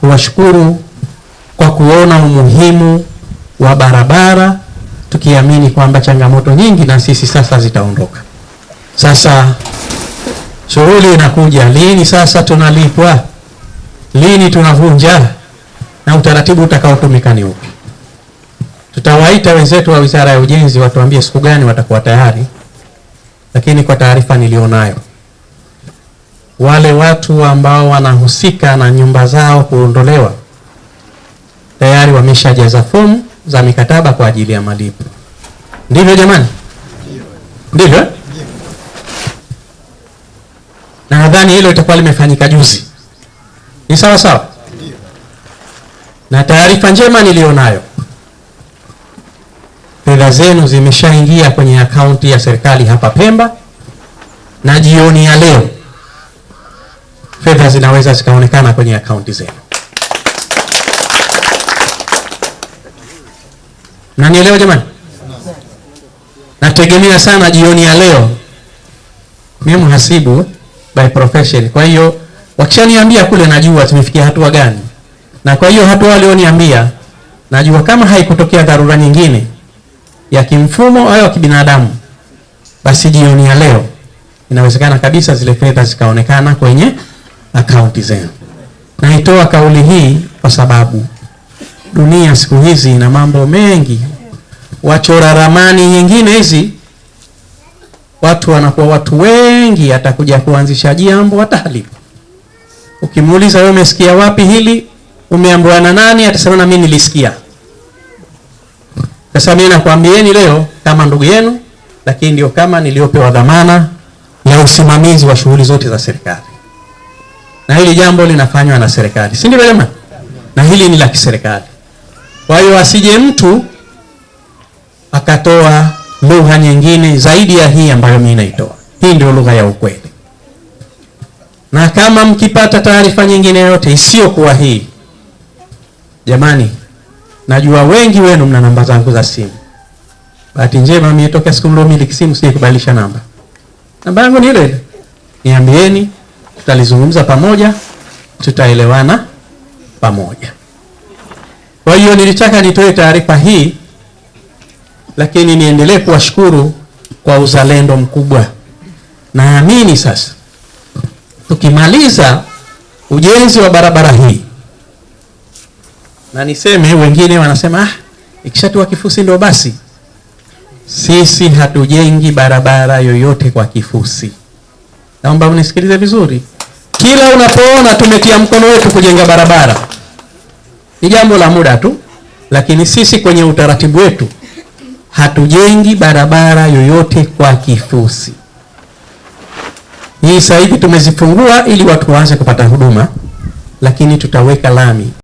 kuwashukuru kwa kuona umuhimu wa barabara, tukiamini kwamba changamoto nyingi na sisi sasa zitaondoka. Sasa shughuli inakuja lini? Sasa tunalipwa lini? Tunavunja na utaratibu utakaotumika ni upi? Tutawaita wenzetu wa Wizara ya Ujenzi watuambie siku gani watakuwa tayari, lakini kwa taarifa nilionayo wale watu ambao wanahusika na nyumba zao kuondolewa tayari wameshajaza fomu za mikataba kwa ajili ya malipo. Ndivyo jamani, ndivyo. Eh? Nadhani hilo litakuwa limefanyika juzi, ni sawa sawa. Na taarifa njema nilionayo, fedha zenu zimeshaingia kwenye akaunti ya serikali hapa Pemba, na jioni ya leo zinaweza zikaonekana kwenye akaunti zenu. Mnanielewa jamani? Nategemea sana jioni ya leo. Mimi mhasibu by profession, kwa hiyo wakishaniambia kule, najua tumefikia hatua gani, na kwa hiyo hatua walioniambia, najua kama haikutokea dharura nyingine ya kimfumo au ya kibinadamu, basi jioni ya leo inawezekana kabisa zile fedha zikaonekana kwenye akaunti zenu. Naitoa kauli hii kwa sababu dunia siku hizi ina mambo mengi, wachora ramani nyingine hizi, watu wanakuwa watu wengi, atakuja kuanzisha jambo hata halipo. Ukimuuliza wewe umesikia wapi hili, umeambiwa na nani, atasema na mimi nilisikia. Sasa mimi nakwambieni leo kama ndugu yenu, lakini ndio kama niliopewa dhamana ya usimamizi wa shughuli zote za serikali hili jambo linafanywa na serikali, si ndio? Jamaa, Na hili ni la kiserikali. Kwa hiyo asije mtu akatoa lugha nyingine zaidi ya hii ambayo mimi naitoa. Hii ndio lugha ya ukweli, na kama mkipata taarifa nyingine yoyote isiyokuwa hii, jamani, najua wengi wenu mna namba zangu za simu. Bahati njema mimi nitoka siku mlo mlomiliki simu sikubadilisha namba, namba yangu ni ile, niambieni tutalizungumza pamoja, tutaelewana pamoja. Kwa hiyo nilitaka nitoe taarifa hii, lakini niendelee kuwashukuru kwa uzalendo mkubwa. Naamini sasa tukimaliza ujenzi wa barabara hii, na niseme wengine wanasema ah, ikishatua kifusi ndio basi. Sisi hatujengi barabara yoyote kwa kifusi. Naomba mnisikilize vizuri. Kila unapoona tumetia mkono wetu kujenga barabara, ni jambo la muda tu, lakini sisi kwenye utaratibu wetu hatujengi barabara yoyote kwa kifusi. Hii sasa hivi tumezifungua ili watu waanze kupata huduma, lakini tutaweka lami.